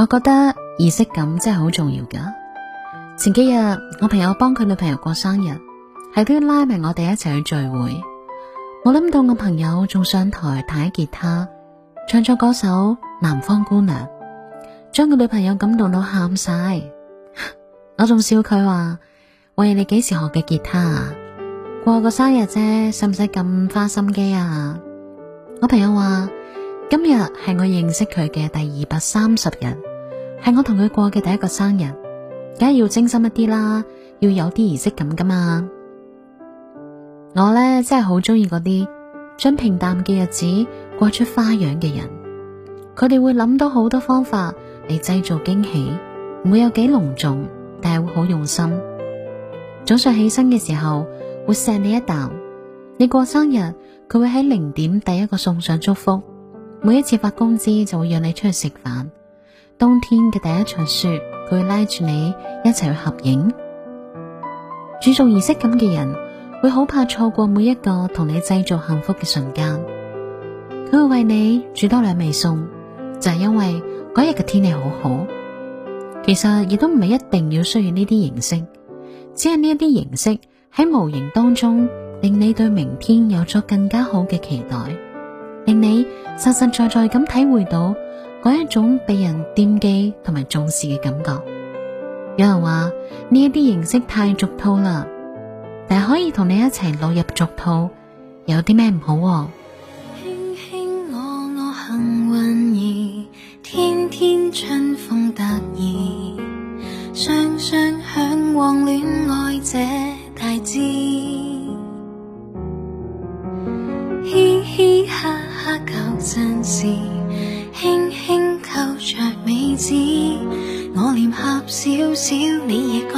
我覺得儀式感真係好重要㗎。前幾日我朋友幫佢女朋友過生日，係都要拉埋我哋一齊去聚會。我諗到我朋友仲上台彈吉他，唱咗嗰首《南方姑娘》，將佢女朋友感動到喊晒。我仲笑佢話：喂，你幾時學嘅吉他啊？過個生日啫，使唔使咁花心機啊？我朋友話。今日係我認識佢嘅第二百三十日，係我同佢過嘅第一個生日，梗係要精心一啲啦，要有啲儀式感噶嘛。我咧真係好中意嗰啲將平淡嘅日子過出花樣嘅人，佢哋會諗到好多方法嚟製造驚喜，唔會有幾隆重，但係會好用心。早上起身嘅時候會錫你一啖，你過生日，佢會喺零點第一個送上祝福。每一次發工資就會約你出去食飯，冬天嘅第一場雪佢會拉住你一齊去合影。注重儀式感嘅人會好怕錯過每一個同你製造幸福嘅瞬間，佢會為你煮多兩味餸，就係因為嗰日嘅天氣好好。其實亦都唔係一定要需要呢啲形式，只係呢一啲形式喺無形當中令你對明天有咗更加好嘅期待，令你，實實在在咁體會到嗰一種被人惦記同埋重視嘅感覺。有人話呢一啲形式太俗套啦，但係可以同你一齊落入俗套，有啲咩唔好？啊，輕輕我我幸運而，天天春風得意